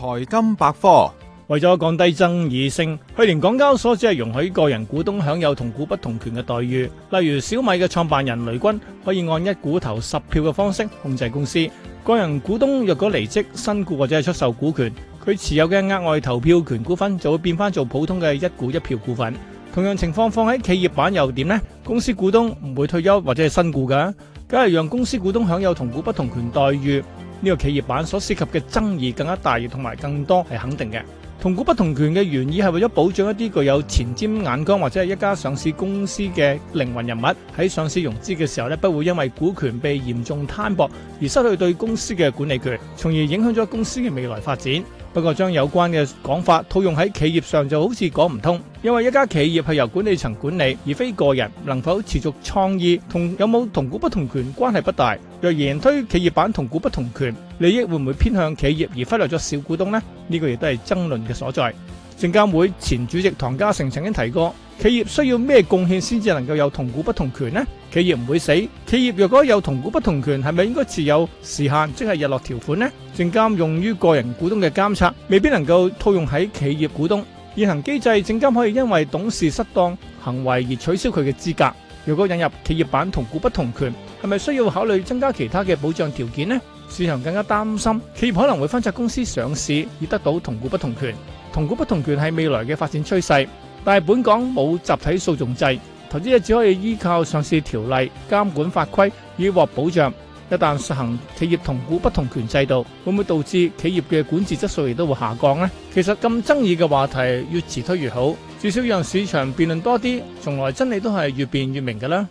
財金百科，為咗降低爭議性，去年港交所只係容許個人股東享有同股不同權嘅待遇，例如小米嘅創辦人雷軍可以按一股投十票嘅方式控制公司。個人股東若果離職、身故或者係出售股權，佢持有嘅額外投票權股份就會變翻做普通嘅一股一票股份。同樣情況放喺企業版又點呢？公司股東唔會退休或者係身故嘅，梗係讓公司股東享有同股不同權待遇。呢、這個企業版所涉及嘅爭議更加大，同埋更多係肯定嘅。同股不同權嘅原意係為咗保障一啲具有前瞻眼光或者係一家上市公司嘅靈魂人物喺上市融資嘅時候咧，不會因為股權被嚴重攤薄而失去對公司嘅管理權，從而影響咗公司嘅未來發展。不過將有關嘅講法套用喺企業上就好似講唔通，因為一家企業係由管理層管理，而非個人能否持續創意，同有冇同股不同權關係不大。若然推企業版同股不同權，利益會唔會偏向企業而忽略咗小股東呢？呢個亦都係爭論嘅所在。證監會前主席唐家成曾經提過，企業需要咩貢獻先至能夠有同股不同權呢？企業唔會死，企業若果有同股不同權，係咪應該持有時限，即係日落條款呢？證監用於個人股東嘅監察，未必能夠套用喺企業股東現行機制。證監可以因為董事失當行為而取消佢嘅資格。若果引入企業版同股不同權，係咪需要考慮增加其他嘅保障條件呢？市場更加擔心，企業可能會分拆公司上市，以得到同股不同權。同股不同權係未來嘅發展趨勢，但係本港冇集體訴訟制。投資者只可以依靠上市條例，監管法規，以獲保障，一旦實行企業同股不同權制度，會唔會導致企業嘅管治質素亦都會下降呢？其實，咁爭議嘅話題越遲推越好，至少讓市場辯論多啲，從來真理都係越辯越明㗎啦。